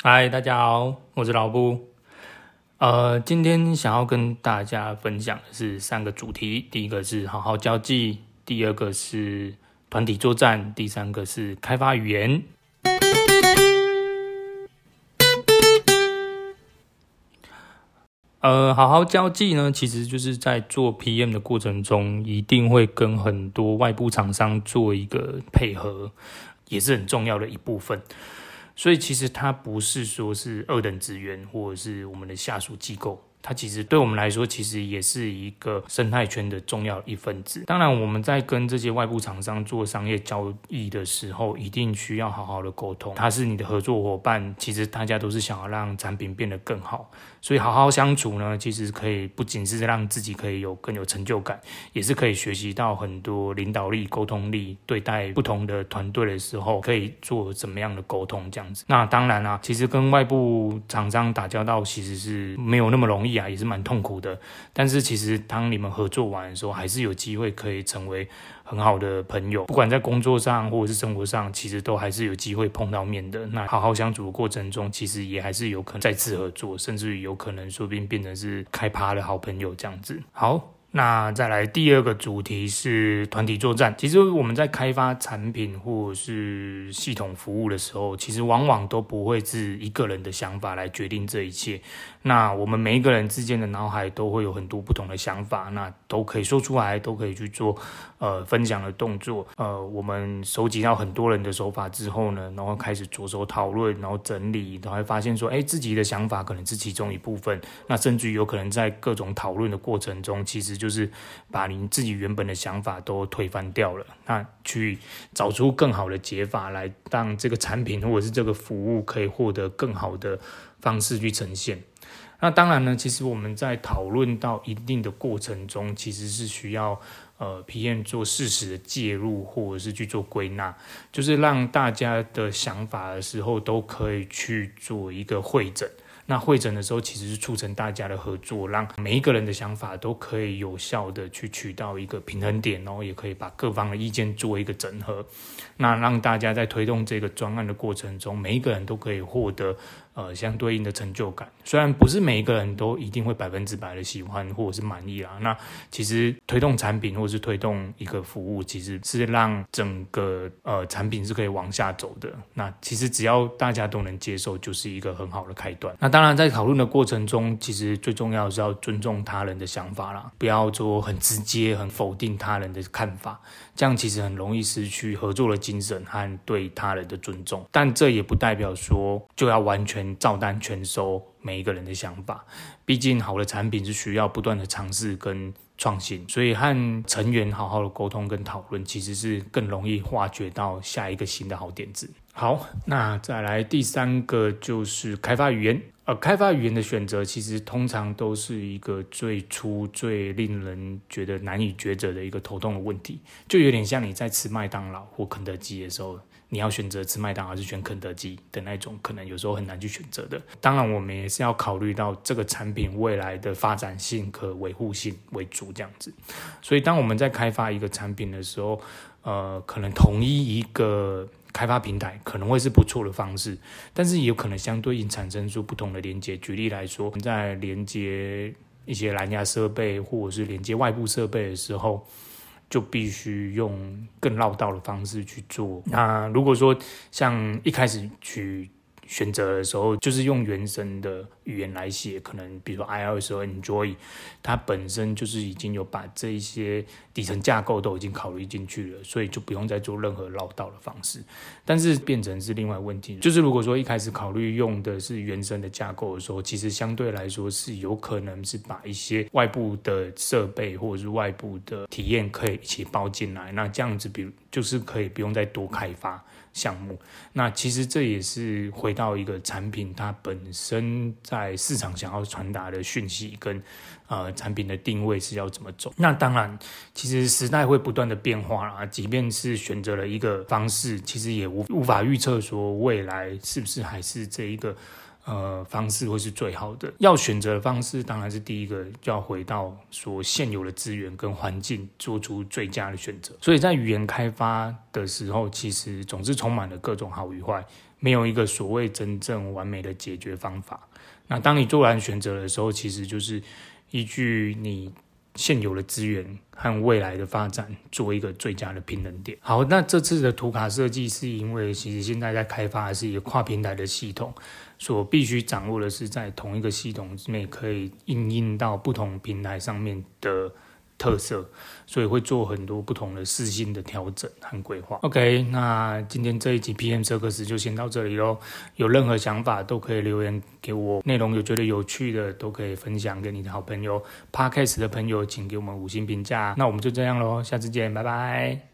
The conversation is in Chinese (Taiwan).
嗨，Hi, 大家好，我是老布。呃，今天想要跟大家分享的是三個主題，第一個是好好交際，第二個是團體作戰，第三個是開發語言。呃，好好交際呢，其實就是在做 PM 的過程中，一定會跟很多外部廠商做一個配合，也是很重要的一部分。所以其實他不是說是二等職員，或者是我們的下屬機構。它其實對我們來說，其實也是一個生態圈的重要一份子。當然，我們在跟這些外部廠商做商業交易的時候，一定需要好好的溝通。他是你的合作夥伴，其實大家都是想要讓產品變得更好，所以好好相處呢，其實可以不僅是讓自己可以有更有成就感，也是可以學習到很多領導力、溝通力，對待不同的團隊的時候，可以做怎麼樣的溝通這樣子。那當然啊，其實跟外部廠商打交道其實是沒有那麼容易啊。也是蠻痛苦的，但是其實當你們合作完的時候，還是有機會可以成為很好的朋友。不管在工作上或者是生活上，其實都還是有機會碰到面的。那好好相處的過程中，其實也還是有可能再次合作，甚至於有可能說不定變成是開趴的好朋友這樣子。好。那再來第二個主題是團體作戰。其實我們在開發產品或者是系統服務的時候，其實往往都不會是一個人的想法來決定這一切。那我們每一個人之間的腦海都會有很多不同的想法，那都可以說出來，都可以去做呃分享的動作。呃，我們收集到很多人的手法之後呢，然後開始着手討論，然後整理，然後發現說，欸，自己的想法可能是其中一部分。那甚至有可能在各種討論的過程中，其實。就是把你自己原本的想法都推翻掉了，那去找出更好的解法來，讓這個產品或者是這個服務可以獲得更好的方式去呈現。那當然呢，其實我們在討論到一定的過程中，其實是需要呃 PM 做適時的介入，或者是去做歸納，就是讓大家的想法的時候都可以去做一個會診。那彙整的時候，其實是促成大家的合作，讓每一個人的想法都可以有效的去取到一個平衡點，然後也可以把各方的意見做一個整合，那讓大家在推動這個專案的過程中，每一個人都可以獲得呃相對應的成就感。雖然不是每一個人都一定會百分之百的喜歡或者是滿意啦，那其實推動產品或者是推動一個服務，其實是讓整個呃產品是可以往下走的。那其實只要大家都能接受，就是一個很好的開端。那大當然，在討論的過程中，其實最重要的是要尊重他人的想法啦，不要說很直接、很否定他人的看法，這樣其實很容易失去合作的精神和對他人的尊重。但這也不代表說就要完全照單全收每一個人的想法，畢竟好的產品是需要不斷的嘗試跟創新。所以，和成員好好的溝通跟討論，其實是更容易挖掘到下一個新的好點子。好，那再來第三個就是開發語言。呃，開發語言的選擇其實通常都是一個最初最令人覺得難以抉擇的一個頭痛的問題，就有點像你在吃麥當勞或肯德基的時候，你要選擇吃麥當勞還是選肯德基的那種，可能有時候很難去選擇的。當然，我們也是要考慮到這個產品未來的發展性和維護性為主這樣子。所以，當我們在開發一個產品的時候，呃，可能同一一個。開發平台可能會是不錯的方式，但是也有可能相對應產生出不同的連接。舉例來說，我們在連接一些藍牙設備或者是連接外部設備的時候，就必須用更繞道的方式去做。那如果說像一開始去，選擇的時候就是用原生的語言來寫，可能比如說 iOS 或 Android 它本身就是已經有把這一些底層架構都已經考慮進去了，所以就不用再做任何繞道的方式。但是變成是另外問題，就是如果說一開始考慮用的是原生的架構的時候，其實相對來說是有可能是把一些外部的設備或者是外部的體驗可以一起包進來，那這樣子比就是可以不用再多開發項目。那其實這也是回。到一個產品，它本身在市場想要傳達的訊息跟，跟呃產品的定位是要怎麼走？那當然，其實時代會不斷的變化啊，即便是選擇了一個方式，其實也無無法預測說未來是不是還是這一個呃方式會是最好的。要選擇的方式，當然是第一個就要回到所現有的資源跟環境做出最佳的選擇。所以在語言開發的時候，其實總是充滿了各種好與壞。沒有一個所謂真正完美的解決方法。那當你做完選擇的時候，其實就是依據你現有的資源和未來的發展，做一個最佳的平衡點。好，那這次的圖卡設計是因為，其實現在在開發是一個跨平台的系統，所以必須掌握的是在同一個系統之內可以應用到不同平台上面的。特色，所以會做很多不同的事情的調整和規劃。OK，那今天這一集 PM Circus 就先到這裡嘍。有任何想法都可以留言給我，內容有覺得有趣的都可以分享給你的好朋友。Podcast 的朋友請給我們五星評價。那我們就這樣嘍，下次見，拜拜。